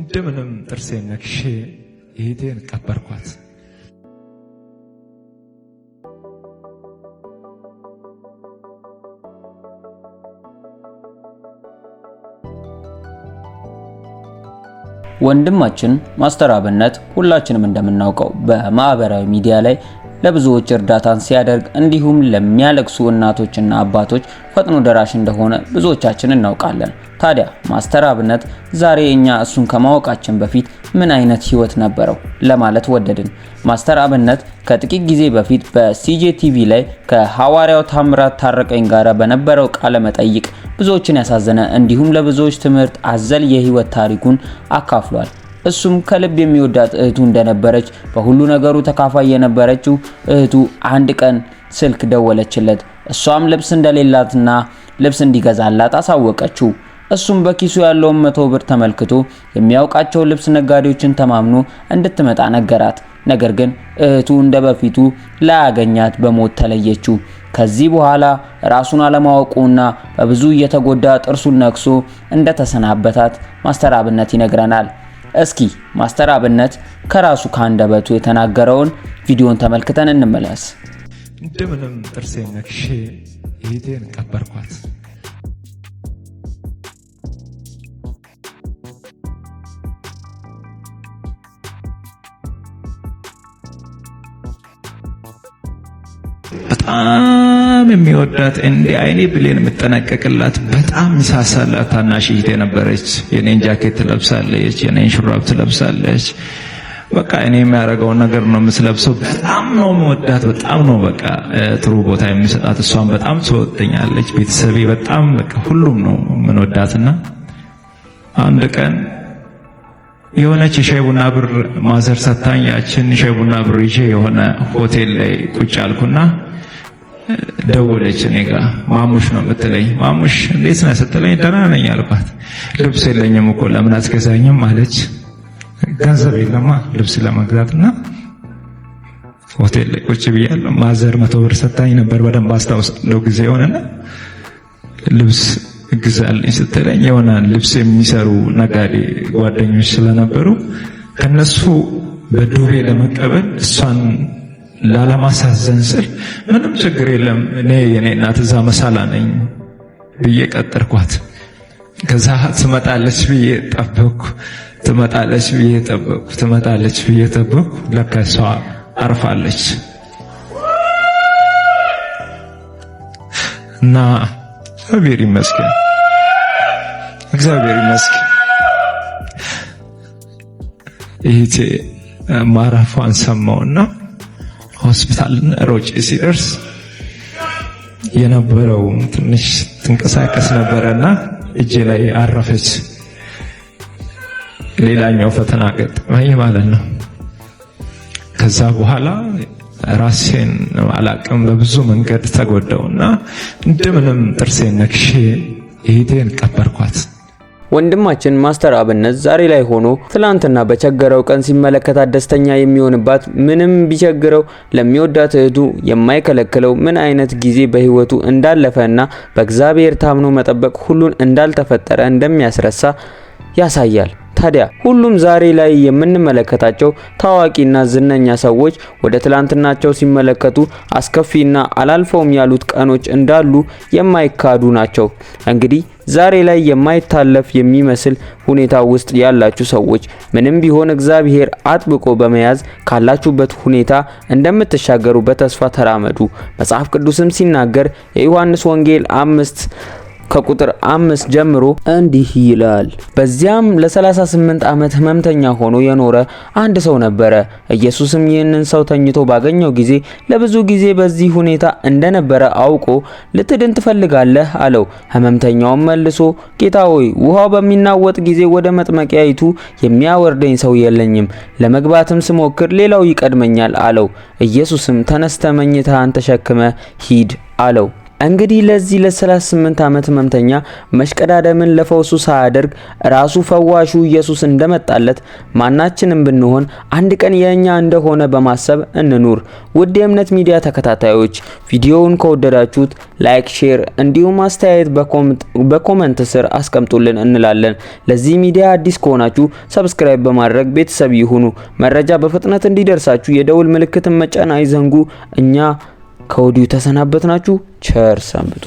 እንደምንም ጥርሴን ነክሼ እህቴን ቀበርኳት። ወንድማችን ማስተር አብነት ሁላችንም እንደምናውቀው በማህበራዊ ሚዲያ ላይ ለብዙዎች እርዳታን ሲያደርግ እንዲሁም ለሚያለቅሱ እናቶችና አባቶች ፈጥኖ ደራሽ እንደሆነ ብዙዎቻችን እናውቃለን። ታዲያ ማስተር አብነት ዛሬ እኛ እሱን ከማወቃችን በፊት ምን አይነት ህይወት ነበረው ለማለት ወደድን። ማስተር አብነት ከጥቂት ጊዜ በፊት በሲጄ ቲቪ ላይ ከሐዋርያው ታምራት ታረቀኝ ጋር በነበረው ቃለ መጠይቅ ብዙዎችን ያሳዘነ እንዲሁም ለብዙዎች ትምህርት አዘል የህይወት ታሪኩን አካፍሏል። እሱም ከልብ የሚወዳት እህቱ እንደነበረች በሁሉ ነገሩ ተካፋይ የነበረችው እህቱ አንድ ቀን ስልክ ደወለችለት። እሷም ልብስ እንደሌላትና ልብስ እንዲገዛላት አሳወቀችው። እሱም በኪሱ ያለውን መቶ ብር ተመልክቶ የሚያውቃቸው ልብስ ነጋዴዎችን ተማምኖ እንድትመጣ ነገራት። ነገር ግን እህቱ እንደ በፊቱ ላያገኛት በሞት ተለየችው። ከዚህ በኋላ ራሱን አለማወቁና በብዙ እየተጎዳ ጥርሱን ነክሶ እንደተሰናበታት ማስተራብነት ይነግረናል። እስኪ ማስተር አብነት ከራሱ ከአንደበቱ የተናገረውን ቪዲዮን ተመልክተን እንመለስ። እንደምንም ጥርሴን ነክሼ ይህቴን ቀበርኳት። በጣም የሚወዳት እንዴ አይኔ ብሌን የምጠነቀቅላት በጣም ሳሳላት ታናሽ እህቴ ነበረች። የኔን ጃኬት ትለብሳለች፣ የኔን ሹራብ ትለብሳለች። በቃ እኔ የሚያደርገውን ነገር ነው የምስለብሰው። በጣም ነው የምወዳት፣ በጣም ነው በቃ ጥሩ ቦታ የሚሰጣት እሷን በጣም ትወደኛለች። ቤተሰቤ በጣም በቃ ሁሉም ነው የምንወዳትና አንድ ቀን የሆነች የሻይ ቡና ብር ማዘር ሰታኝ ያችን ሻይ ቡና ብር ይዤ የሆነ ሆቴል ላይ ቁጭ አልኩና ደወለች እኔ ጋ ማሙሽ ነው የምትለኝ። ማሙሽ እንዴት ነህ ስትለኝ ደህና ነኝ አልኳት። ልብስ የለኝም እኮ ለምን አትገዛኝም አለች። ገንዘብ የለማ ልብስ ለመግዛት እና ሆቴል ላይ ቁጭ ብያለሁ። ማዘር መቶ ብር ሰታኝ ነበር በደንብ አስታውሳለሁ። ጊዜ የሆነና ልብስ እግዛልኝ ስትለኝ የሆነ ልብስ የሚሰሩ ነጋዴ ጓደኞች ስለነበሩ ከነሱ በዱቤ ለመቀበል እሷን ላለማሳዘን ስል ምንም ችግር የለም እኔ የኔ እናት እዛ መሳላ ነኝ ብዬ ቀጠርኳት። ከዛ ትመጣለች ብዬ ጠበቅኩ፣ ትመጣለች ብዬ ጠበቅኩ፣ ትመጣለች ብዬ ጠበቅኩ። ለካ እሷ አርፋለች እና እግዚአብሔር ይመስገን፣ እግዚአብሔር ይመስገን ይህቴ ማረፏን ሰማውና ሆስፒታል ሮጬ ሲደርስ የነበረው ትንሽ ትንቀሳቀስ ነበረና እጄ ላይ አረፈች። ሌላኛው ፈተና ገጠመኝ ማለት ነው። ከዛ በኋላ ራሴን አላቅም በብዙ መንገድ እና እንደምንም ጥርሴን ነክሼ እህቴን ቀበርኳት። ወንድማችን ማስተር አብነት ዛሬ ላይ ሆኖ ትላንትና በቸገረው ቀን ሲመለከታት ደስተኛ የሚሆንባት ምንም ቢቸግረው ለሚወዳት እህቱ የማይከለክለው ምን አይነት ጊዜ በህይወቱ እንዳለፈና በእግዚአብሔር ታምኖ መጠበቅ ሁሉን እንዳልተፈጠረ እንደሚያስረሳ ያሳያል። ታዲያ ሁሉም ዛሬ ላይ የምንመለከታቸው ታዋቂና ዝነኛ ሰዎች ወደ ትላንትናቸው ሲመለከቱ አስከፊና አላልፈውም ያሉት ቀኖች እንዳሉ የማይካዱ ናቸው። እንግዲህ ዛሬ ላይ የማይታለፍ የሚመስል ሁኔታ ውስጥ ያላችሁ ሰዎች ምንም ቢሆን እግዚአብሔር አጥብቆ በመያዝ ካላችሁበት ሁኔታ እንደምትሻገሩ በተስፋ ተራመዱ። መጽሐፍ ቅዱስም ሲናገር የዮሐንስ ወንጌል አምስት ከቁጥር አምስት ጀምሮ እንዲህ ይላል። በዚያም ለ38 ዓመት ህመምተኛ ሆኖ የኖረ አንድ ሰው ነበረ። ኢየሱስም ይህንን ሰው ተኝቶ ባገኘው ጊዜ ለብዙ ጊዜ በዚህ ሁኔታ እንደነበረ አውቆ ልትድን ትፈልጋለህ አለው። ህመምተኛውም መልሶ ጌታ ሆይ ውሃው በሚናወጥ ጊዜ ወደ መጥመቂያይቱ የሚያወርደኝ ሰው የለኝም፣ ለመግባትም ስሞክር ሌላው ይቀድመኛል አለው። ኢየሱስም ተነስተ መኝታህን ተሸክመ ሂድ አለው። እንግዲህ ለዚህ ለ38 ዓመት ህመምተኛ መሽቀዳደምን ለፈውሱ ሳያደርግ ራሱ ፈዋሹ ኢየሱስ እንደመጣለት ማናችንም ብንሆን አንድ ቀን የእኛ እንደሆነ በማሰብ እንኑር። ውድ የእምነት ሚዲያ ተከታታዮች ቪዲዮውን ከወደዳችሁት ላይክ፣ ሼር እንዲሁም አስተያየት በኮመንት ስር አስቀምጡልን እንላለን። ለዚህ ሚዲያ አዲስ ከሆናችሁ ሰብስክራይብ በማድረግ ቤተሰብ ይሁኑ። መረጃ በፍጥነት እንዲደርሳችሁ የደውል ምልክትን መጫን አይዘንጉ። እኛ ከወዲሁ ተሰናበት ናችሁ። ቸር ሰንብቱ።